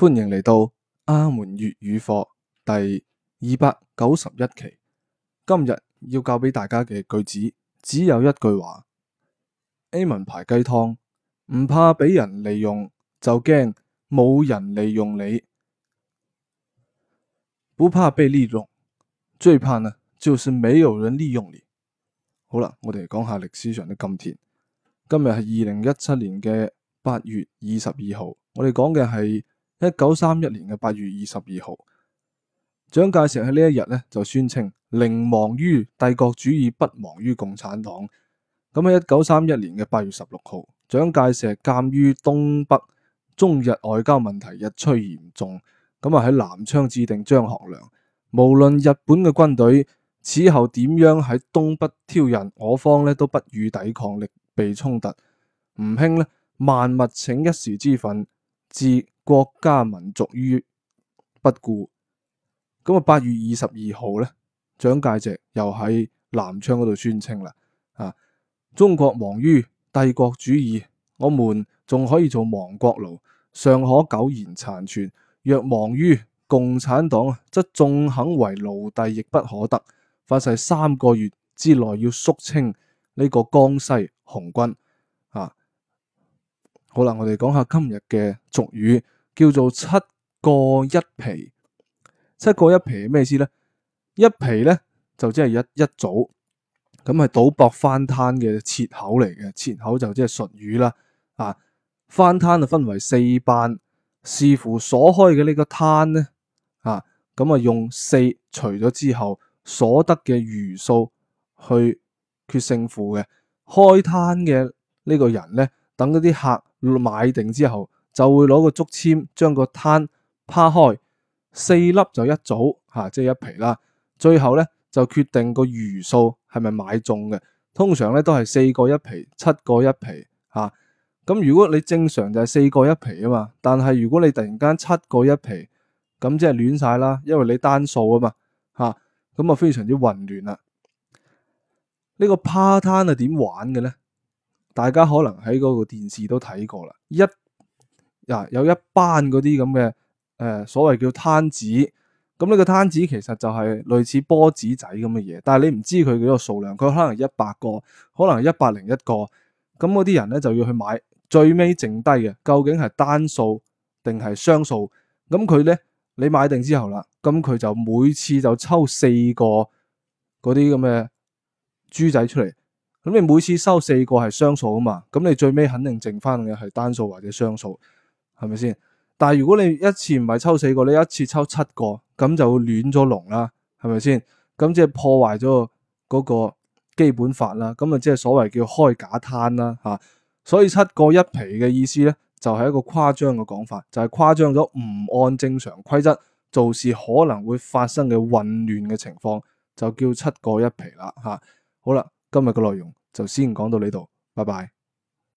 歡迎嚟到阿門粵語課第二百九十一期。今日要教俾大家嘅句子只有一句話：Amen 牌雞湯，唔怕俾人利用，就驚冇人利用你。不怕被利用，最怕呢，就是沒有人利用你。好啦，我哋講下歷史上嘅今天。今日係二零一七年嘅八月二十二號。我哋講嘅係。一九三一年嘅八月二十二號，蔣介石喺呢一日呢就宣稱：寧亡於帝國主義，不亡於共產黨。咁喺一九三一年嘅八月十六號，蔣介石鑒於東北中日外交問題日趨嚴重，咁啊喺南昌致電張學良，無論日本嘅軍隊此後點樣喺東北挑釁，我方呢都不予抵抗力，被衝突吾兄呢萬勿請一時之憤，自。國家民族於不顧。咁啊八月二十二號咧，蔣介石又喺南昌嗰度宣稱啦，啊，中國亡於帝國主義，我們仲可以做亡國奴，尚可苟延殘存。若亡於共產黨，則縱肯為奴隸，亦不可得。發誓三個月之內要肅清呢個江西紅軍。好啦，我哋講下今日嘅俗語，叫做七個一皮。七個一皮係咩意思咧？一皮咧就即係一一組，咁係賭博翻攤嘅切口嚟嘅，切口就即係術語啦。啊，翻攤就分為四班，視乎所開嘅呢個攤咧，啊，咁啊用四除咗之後所得嘅餘數去決勝負嘅，開攤嘅呢個人咧，等嗰啲客。買定之後就會攞個竹籤，將個攤趴開，四粒就一組吓、啊，即係一皮啦。最後咧就決定個餘數係咪買中嘅。通常咧都係四個一皮，七個一皮吓。咁、啊、如果你正常就係四個一皮啊嘛，但係如果你突然間七個一皮，咁即係亂晒啦，因為你單數啊嘛吓，咁啊非常之混亂啦。這個、攤呢個趴攤係點玩嘅咧？大家可能喺嗰個電視都睇過啦，一嗱有一班嗰啲咁嘅誒所謂叫攤子，咁呢個攤子其實就係類似波子仔咁嘅嘢，但係你唔知佢幾多數量，佢可能一百個，可能一百零一個，咁嗰啲人咧就要去買，最尾剩低嘅究竟係單數定係雙數，咁佢咧你買定之後啦，咁佢就每次就抽四個嗰啲咁嘅豬仔出嚟。咁你每次收四個係雙數啊嘛，咁你最尾肯定剩翻嘅係單數或者雙數，係咪先？但係如果你一次唔係抽四個，你一次抽七個，咁就會亂咗龍啦，係咪先？咁即係破壞咗嗰個基本法啦，咁啊即係所謂叫開假攤啦吓、啊。所以七個一皮嘅意思咧，就係、是、一個誇張嘅講法，就係、是、誇張咗唔按正常規則做事可能會發生嘅混亂嘅情況，就叫七個一皮啦吓、啊。好啦。今日嘅內容就先講到呢度，拜拜。